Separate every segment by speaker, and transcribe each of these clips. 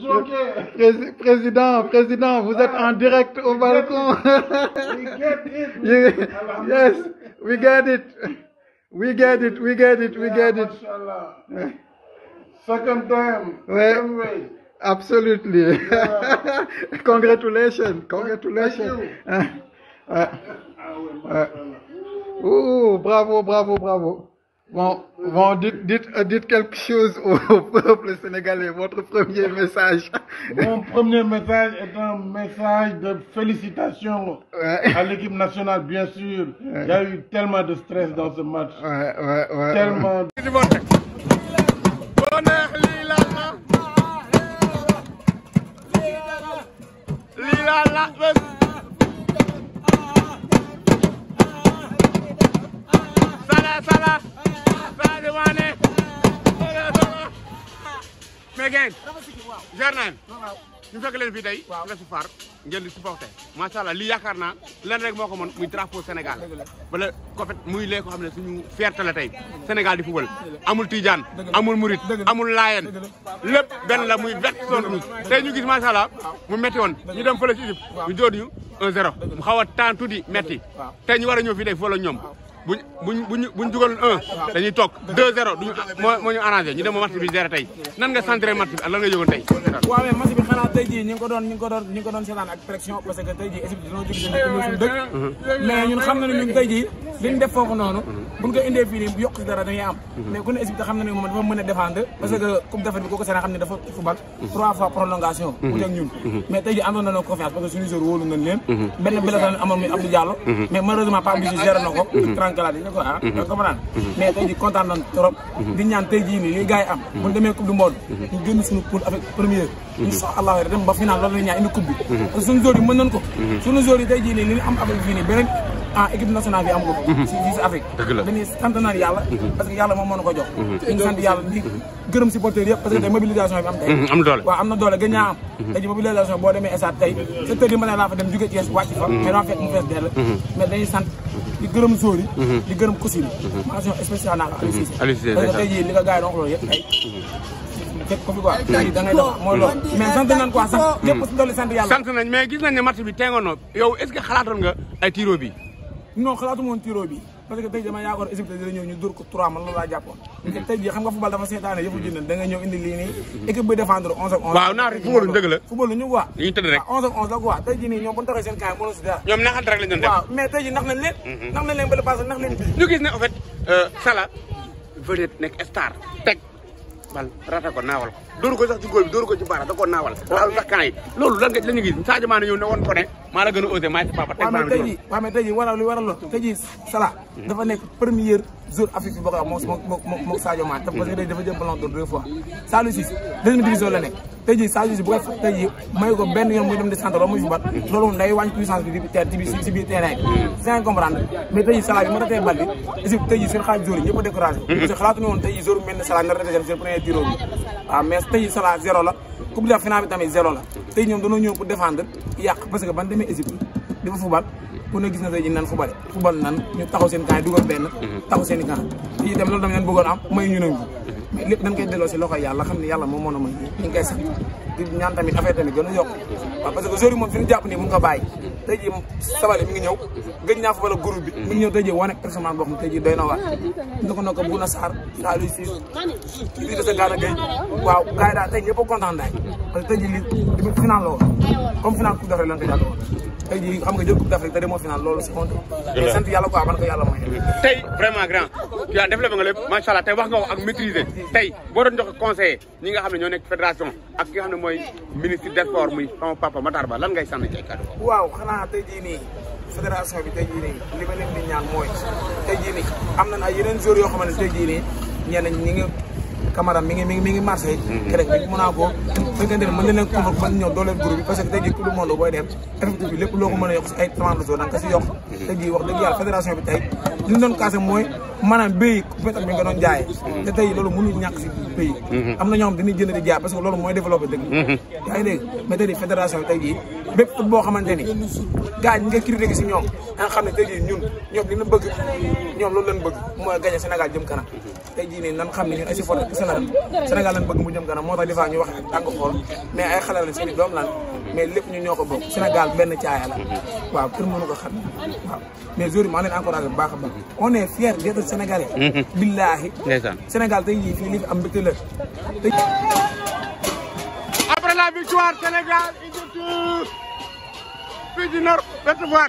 Speaker 1: Jockey. président président vous êtes en direct au balcon. we
Speaker 2: get it. yes
Speaker 1: we get it. we get it we get it we get it. second time. oui. Absolutely. Yeah. Congratulations. Congratulations. Thank you. ah, ah, ah. ah. Ouh, bravo, bravo, bravo. Bon, bon dites, dites, euh, dites, quelque chose au, peuple sénégalais, votre premier message. Mon premier message est un message de félicitations à l'équipe nationale, bien sûr. Ouais. Il y a eu tellement de stress dans ce match. tellement. De... jaar naa ñu fekk leen fii tey nga si faar ngeen di supporté macha allah lii yaakaar naa leen rek moo ko mën muy drapeau Sénégal bala COPET muy lee ko xam ne suñu fierté la tey Sénégal di fubal amul Tidiane amul Murit amul Laayeen lépp benn la muy vert zone rouge tey ñu gis macha mu métti woon ñu dem fële si Égypte ñu dóor ñu 1-0 mu xaw a temps tuuti métti tey ñu war a ñëw fii tey wala la ñoom buñ buñ buñ buñ jugaloon un dañuy toog deux zéro duñu moo ñu arrangé ñu dem mo match bi zéro tey nan nga centré match bi ak lan nga yëgoon tey
Speaker 2: ngi ko doon doon seetaan ak pression parce que tey jii Égypte dañoo jóg jii li mhm. mhm. mhm. na ne jii amoon li gars am buñ demee coupe du monde ñu génn suñu poule avec première insha Allah dem ba final final loolu la ñaan indi coupe mhm. parce que suñu joueurs mën nañ ko mhm. suñu joueurs yi jii nii li am Afrique fii nii beneen ah équipe nationale bi am ko mhm. si fii si Afrique naan yàlla parce que yàlla moom moo na ko jox ñu sant yàlla di gërëm supporters yëpp parce que tey mobilisation am tey doole waaw am na doole gën ñaa am tey ji mobilisation boo demee stade tey sept heures yi matin laa fa dem jóge Thiès wàcc fa mais dama sant di gërëm zori di gërëm kusini mention spéciale naa fekk ko fi quoi. da mais sant nañ quoi sant. képp si dolli sant
Speaker 1: mais gis nañ ne match yow est ce que xalaatoon nga ay tiro bi.
Speaker 2: non moon tiro parce que tey dama yaakaar Égypte dina ñëw ñu dóor ko 3 da indi lii nii. équipe bi défendre 11 ak 11. waaw football lu dëgg la. football lu ñu quoi. ñu tëdd rek waaw 11 la quoi tey jii nii ñoom bu ñu taxee seen kaay mënoo si dara. ñoom naxante rek lañ doon def waaw mais tey jii nax nañ leen. Mhm. nax
Speaker 1: nañ bal rata ko naawal ko dóoru ko sax ci góol bi ko ci baara da koo naawal laal sax kan yi loolu lan nga la ñu ko ji waaw
Speaker 2: mais tey ji ji Salah hmm. dafa nekk premier jour Afrique bi boo ko wax moom moom moom Sadio Mané parce que dafa jël ballon d'or la nekk tey jii Sadio si bu may ko benn yoon muy dem di centre loolu muy fubat loolu moom day wàññi puissance bi ci ci biir terrain bi c'est comprendre mais tey jii Salah yi ñëpp a découragé parce que xalaatu ne woon tey jii jour mel ne Salah nga premier tiro bi waaw mais tey la coupe de la finale parce que ban demee Égypte dafa ku ne gis na tey nan fubale fubal nan ñu seen camp yi benn taxaw seen i camp yi itam loolu dama leen mais lépp dañ koy delloo si loxo yàlla xam ne yàlla moom moo na may ñu ngi koy sax di ñaan tamit affaire tamit gën a yokk waaw parce que aujourd'hui moom fi ñu jàpp nii bu ñu ko bàyyi tey jii sabali ngi ñëw gëj naa fa wala groupe bi mi ngi ñëw tey jii wane personnage boo xam ne tey jii doy na waar ndoko ndoko bu na saar saa luy siis lii da sa gaana gay waaw gars yi daal tey ñëpp a kontaan daal parce que tey jii lii final la comme final coupe d'Afrique tey vraiment grand la ba
Speaker 1: nga lépp macha allah tey wax nga ko ak maîtriser tey boo doon jox conseiller ñi nga xam ne ñoo nekk fédération ak ki xam ne mooy ministre des sports muy sama papa Matar Ba lan ngay sànni ci kàddu
Speaker 2: waaw xanaa tey jii nii bi tey jii nii li ma leen di ñaan mooy tey jii am nañ ay yeneen joueurs yoo xamante tey jii nii ñeneen ñi Camara mi ngi mi ngi mi ngi marché kerek bi mën naa ko fekkante ne leen convoqué mën ñëw dooleel groupe bi parce que tey jii tout le monde booy dem effectif bi lépp a yokk si ay trente mhm. jours da béy pétrole bi doon jaay mhm. te tey loolu mënul ñàkk si pays mhm. am na ñoo xam dañuy jënd di jaay parce que loolu mooy développé dëgg yaa ngi dégg mais tey jii fédération bépp boo xamante ni gars ñi nga critiqué si ñoom da xam ne tey jii ñun ñoom li ñu bëgg ñoom loolu lañ bëgg mooy gagné Sénégal jëm kanam tey jii ne nan xam ne ñun asi foot Sénégal Sénégal moo tax des fois ñu wax tàng xool mais ay xale lañ suñu doom lan mais lépp ñu ñoo ko bokk Sénégal benn caaya la waaw kër mënu ko xam waaw mais jour yi maa leen encouragé bu baax a baax on est fier d'être sénégalais mhm. billaahi Sénégal tey jii fii li fi am
Speaker 1: la victoire Sénégal il est tout fii di Nord Ouest Foire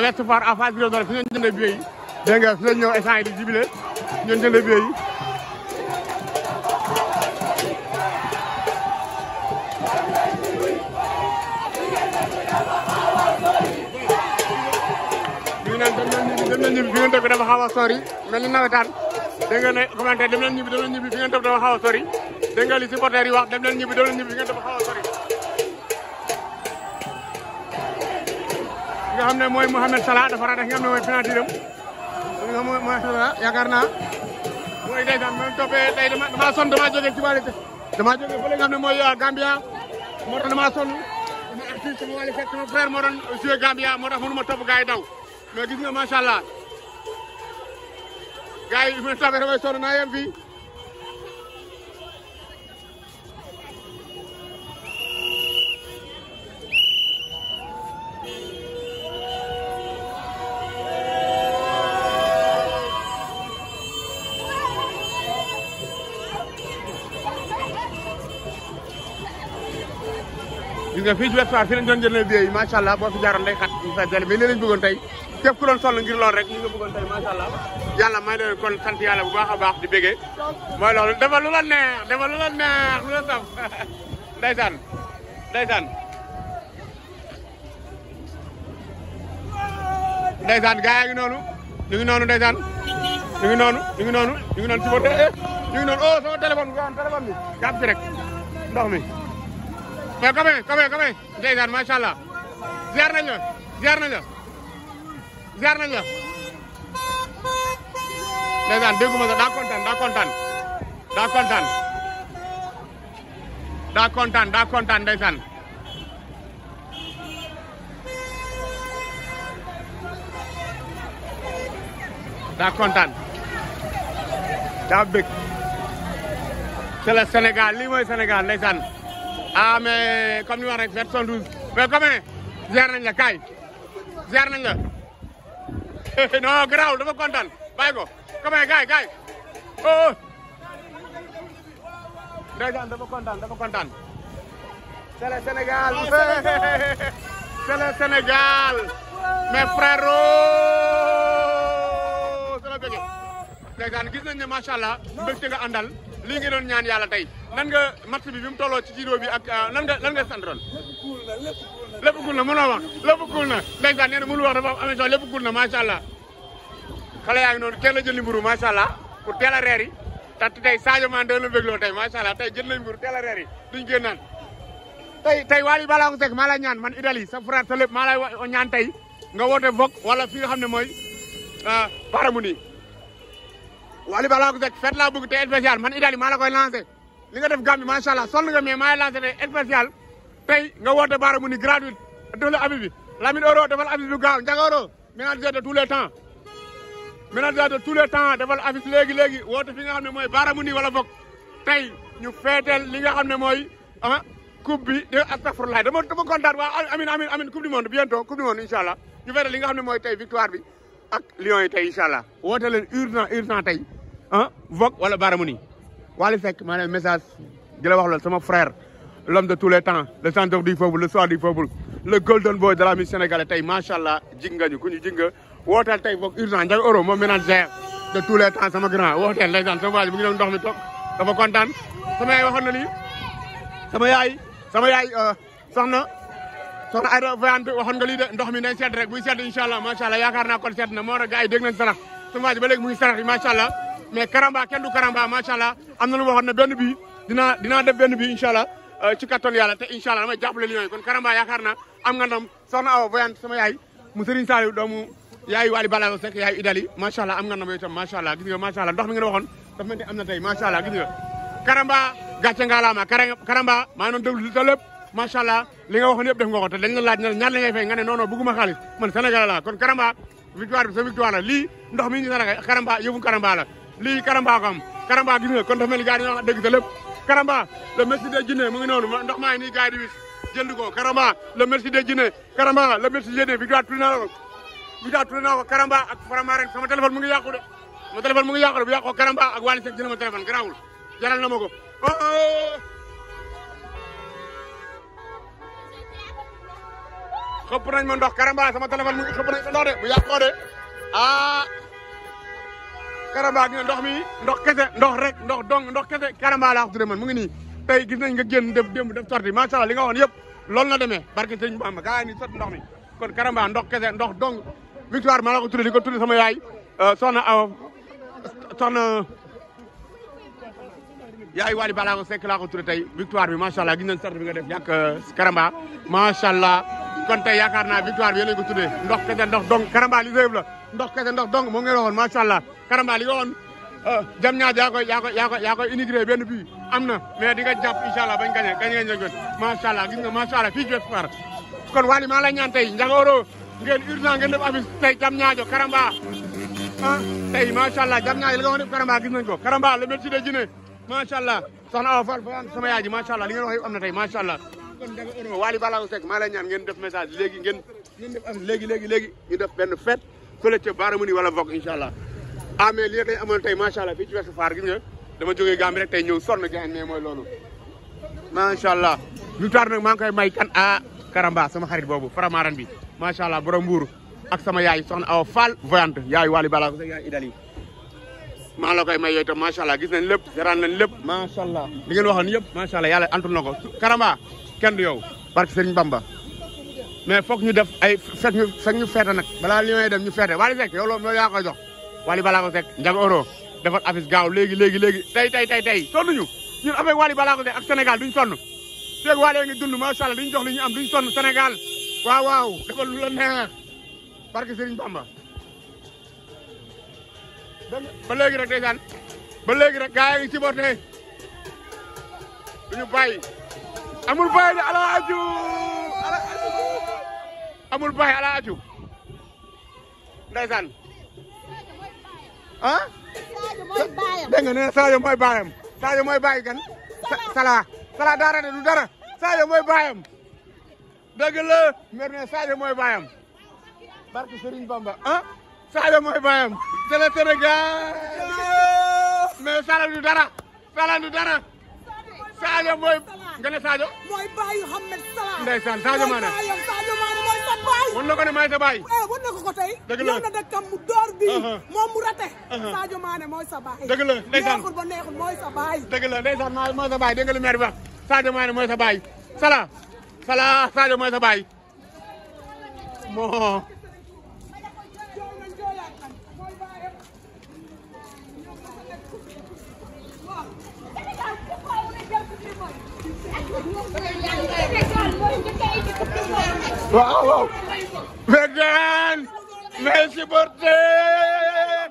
Speaker 1: Ouest Foire en face bi doon fi ngeen jëndee billets yi dégg nga fi ngeen ñëw instant yi di jubile ngeen jëndee billets yi. dem nañ ñibbi fi ngeen toog dafa xaw a sori mel ni nawetaan dégg nga ne commentaire dem nañ ñibbi dem nañ ñibbi fi ngeen toog dafa xaw a sori dégg nga li supporter yi wax dem nañ ñibbi dem nañ ñibbi fi ngeen toog xaw a nga xam ne mooy Mohamed Salah dafa raadu ak nga xam ne mooy penalty am li nga xam mooy yaakaar naa mooy ndeysaan man toppee tey dama damaa sonn damaa jógee ci wàllu xam ne mooy euh, Gambia moo tax damaa dama artiste sama wàllu fekk sama moo doon joué Gambia topp gars daw mais gis nga macha allah gars yi fi ma toppee damay sonn gis nga fii ci Ouest Foire fii lañ doon jëndee billet yi macha allah boo fi jaaroon day xat ñu fay jël mais lii lañ bëggoon tey képp ku doon sonn ngir lool rek ñu nga bëggoon tey macha allah yàlla may leen kon sant yàlla bu baax a baax di béggee mooy loolu dafa lu la neex dafa lu la neex lu la saf ndeysaan ndeysaan ndeysaan gaa yaa ngi noonu ñu ngi noonu ndeysaan ñu ngi noonu ñu ngi noonu ñu ngi noonu ci ba eh, eh, ñu ngi noonu oh sama téléphone bi téléphone bi jàpp ci rek ndox mi mais quand même quand même quand même ndeysaan allah ziar nañ la ziar nañ la ziar nañ la ndeysaan dégguma sax daa kontaan daa kontaan daa kontaan daa kontaan daa kontaan ndeysaan daa kontaan daa ah mais comme ni wax rek vers 72 mais comment ziar nañ la kaay ziar la non garaawul dafa kontaan bàyyi ko comment kaay kaay oh, oh ndeysaan dafa kontaan dafa kontaan c'est Sénégal c'est le Sénégal mes frères gis nañ ne allah mbégte nga àndal lii nga doon ñaan yàlla tey nan nga bi bi mu tolloo ci bi ak ah, nan lan nga sant lool. lépp kuul na lépp kuul na lépp kuul na mënoo wax lépp kuul na ndeysaan nee na mënul wax dafa am émission lépp kuul na macha allah xale yaa ngi noonu teel a jël mburu macha allah pour teel a reer yi te tey Sadio Mané da la bégloo tey macha allah tey jël nañ mburu teel a reer yi duñ tey tey Wally Ballago Seck maa lay ñaan man Idali sa frère sa lépp maa lay ñaan tey nga woote Vogue wala fi xam ne mooy Paramount ah, Wally Ballago Seck fête laa bëgg te spécial man Italie maa la koy lancé li nga def Gambie macha allah sonn nga mais maa ngi lancé te spécial tey nga woote baara mu ni gratuit def la abi bi Lamine Euro defal abi bu gaaw Ndiaga Euro ménageur de tous les temps ménageur de tous les temps defal affiche léegi léegi woote fi nga xam ne mooy baaramu ni wala boog tey ñu feeteel li nga xam ne mooy ah coupe bi de astafurlaay dama dama kontaan waa amin amin amin du monde bientôt ne mooy tey victoire bi ak Lions yi tey. ah Vogue wala Baara Muni Wally Seck maa ne message di la wax loolu sama frère l'homme de tous les temps le centre du peuple le soir du peuple le golden boy de la musique tey macha allah jig ñu ku ñu jig tey Vogue urgent Ndiaye Euro moom ménagère de tous les sama grand wooteel ndeysaan sama ji mu ngi doon ndox mi toog dafa sama yaay waxoon na lii sama yaay sama yaay euh, soxna soxna Aïda Veyante waxoon nga lii de ndox mi day sedd rek buy sedd incha allah macha allah yaakaar naa na moo tax gars sarax sama waa ba léegi mu sarax yi allah mais Karamba kenn du Karamba macha allah am na lu ma waxoon ne benn bi dinaa dinaa def benn bi incha allah euh, ci kattan yàlla te incha allah damay jàppale Lions yi kon Karamba yaakaar na am nga ndam soxna Awa voyante sama yaay mu Serigne Saliou doomu yaay Wally Ballago Seck yaay Idali macha allah am nga ndam itam macha allah gis nga macha allah ndox mi am macha allah gis Karamba maa ngi doon déglu te lépp macha allah li nga waxoon yëpp def nga te dañ la laaj ne ñaar la ngay fay nga ne non non bëgguma xaalis man Sénégal la kon Karamba victoire bi sa victoire la mi ñu Sénégal Karamba yëfu lii Karamba ko am Karamba kon dafa mel ni gars yi ñoo xam dëgg te lépp mu ngi noonu ndox maa ngi nii gars yi di wis jënd ko Karamba le merci de Djiné Karamba le merci de Djiné victoire ko victoire tudd naa ko Karamba ak Faramaren sama téléphone mu ngi yàqu de mu ngi yàqu de bu yàqoo Karamba ak Waly Seck na ma ko oh, oh, oh. xëpp nañ ma ndox Karamba sama téléphone mu ngi ndox de bu yàqoo de ah Karamba gi ne ndox mi ndox kese ndox rek ndox dong ndox kese Karamba laa ko man mu ngi nii tey gis nañ nga génn def démb def sorti macha allah li nga waxoon yëpp loolu la demee barke sëñ Bamba gaa ni sot ndox mi kon Karamba ndox kese ndox dong victoire ma la ko tuddee di ko tuddee sama yaay euh, soxna na soxna yaay Wally Ballago Seck laa ko tuddee tey victoire bi macha allah gis nañ sorti bi nga def yàq euh, Karamba macha allah kon tey yaakaar naa victoire bi yéen ko tuddee ndox kese ndox dong karamba li réew la ndox kese ndox dong moom ngeen waxoon macha allah karamba li nga waxoon euh, jam ñaar yaa koy yaa koy yaa koy yaa koy unigré benn am na mais di nga jàpp incha bañ gañe gañe ngeen jëgoon macha allah gis nga macha allah fii kon Waly maa lay ñaan tey njagoro ngeen urgent ngeen def affiche tey jam ñaajo karamba ah tey macha allah jam ñaajo li nga wax ne karamba gis nañ ko karamba le métier de Guinée macha allah soxna Awa Fall sama am na tey macha allah Wally Ballago Seck maa lay ñaan ngeen def message léegi ngeen léegi léegi léegi def benn fête fële ca Baramani wala bokk incha allah ah mais lii dañ amoon tey macha allah fii ci wetu faar gis nga dama jógee Gambie tey ñëw sonn gaan mais mooy loolu macha allah victoire nag maa koy may kan a ah Karamba sama xarit boobu faramaran bi macha allah borom mbuur ak sama yaay soxna aw Fall voyante yaay Wally Ballago Seck yaay Idali maa la koy may yooyu tam macha allah gis lépp seraan lépp macha allah li ngeen waxoon yëpp macha allah yàlla antul na ko Karamba kenn du yow barke Sëriñ Bamba mais foog ñu def ay fekk ñu fekk ñu feete nag balaa li may dem ñu feete Wally Seck yow loolu loolu yaa jox Wally Ballago Seck Ndiaga Euro defal affiche gaaw léegi léegi léegi tey tey tey tey sonnuñu ñun avec Wally Ballago Seck ak Sénégal duñ sonn feeg Wally ngi dund macha Allah duñ li ñu am duñ sonn Sénégal waaw waaw defal lu la neex barke Sëriñ Bamba ba léegi rek ndeysaan ba léegi rek gaa yi ngi ci bote duñu bàyyi amul baay de ala aju ala aju amul baay ala aju ndeysaan ah? mooy baayam Sadio mooy baay gan. Salah Salah dara de du dara Sadio mooy baayam dégg la mer ne Sadio mooy baayam barke Serigne Bamba ah Sadio mooy baayam c'est le Sénégal mais Salah du dara Salah du dara Sadio mooy. nga ne Sadio. mooy baayu
Speaker 2: Mohamed Salah. ndeysaan Sadio Mané mooy baayam Sadio Mané mooy sa baay. wan na ko ne maay sa baay. eh wan na ko ko tey. dëgg la na dëkkam mu door bi uh-huh. moom mu raté. Uh-huh. Sadio Mané mooy sa baay. dëgg la ndeysaan neexul
Speaker 1: ba neexul mooy sa baay. dëgg la ndeysaan mooy sa baay dégg nga lu maire bi wax Sadio Mané mooy sa baay. Salah Salah Sadio mooy sa baay moo. waaw waaw vegan nay supporter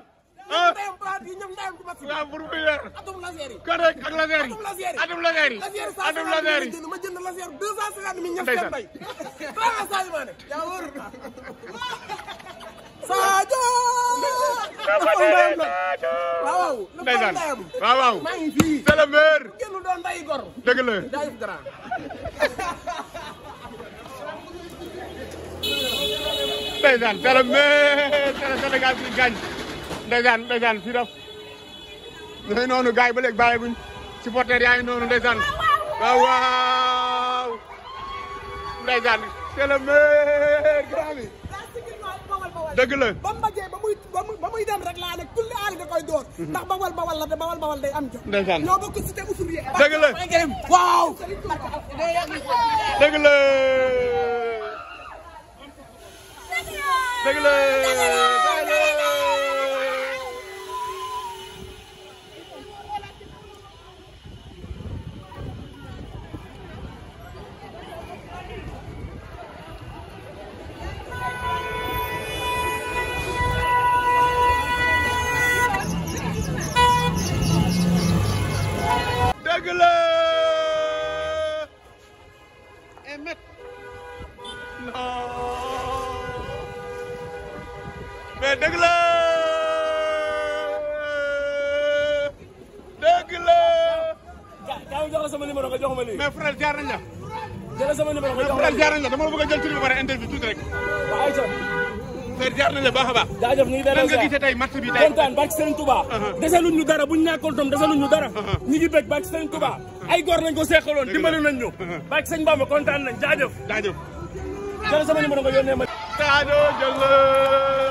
Speaker 1: ah la fourmilière
Speaker 2: correct ak laser yi atum laser yi atum laser yi ma jënd laser deux cent cinquante mille ñëpp seen bay Sadio Mané yaa wóor Sadio ndeyam
Speaker 1: la waaw ndeysaan waaw waaw maa ngi fii c'est le maire génn nday gor dëgg la fii daf ñooy noonu gars yi ba léegi bàyyi guñ noonu ndeysaan waaw waaw ndeysaan c'est le maire grand
Speaker 2: dëgg la ba mbajee ba muy ba muy dem rek laa ne kulli aali da koy door mhm. ndax bawal bawal la te bawal bawal day am jom ndeysaan ñoo bokk cité ouvrier dëgg la waaw dëgg la dëgg la
Speaker 1: nañ la. jël sama numéro ma jox la jaar nañ la dama bëgg a jël tur bi pare interview tuuti rek. waaw ayca. Fer jaar nañ la baax a baax. jaajëf ñu ngi lan nga gisee tey match bi tey uh-huh. uh-huh. uh-huh. ay góor nañ ko seqaloon dimbali nañ ñu. Bamba kontaan nañ jaajëf. jaajëf jël sama numéro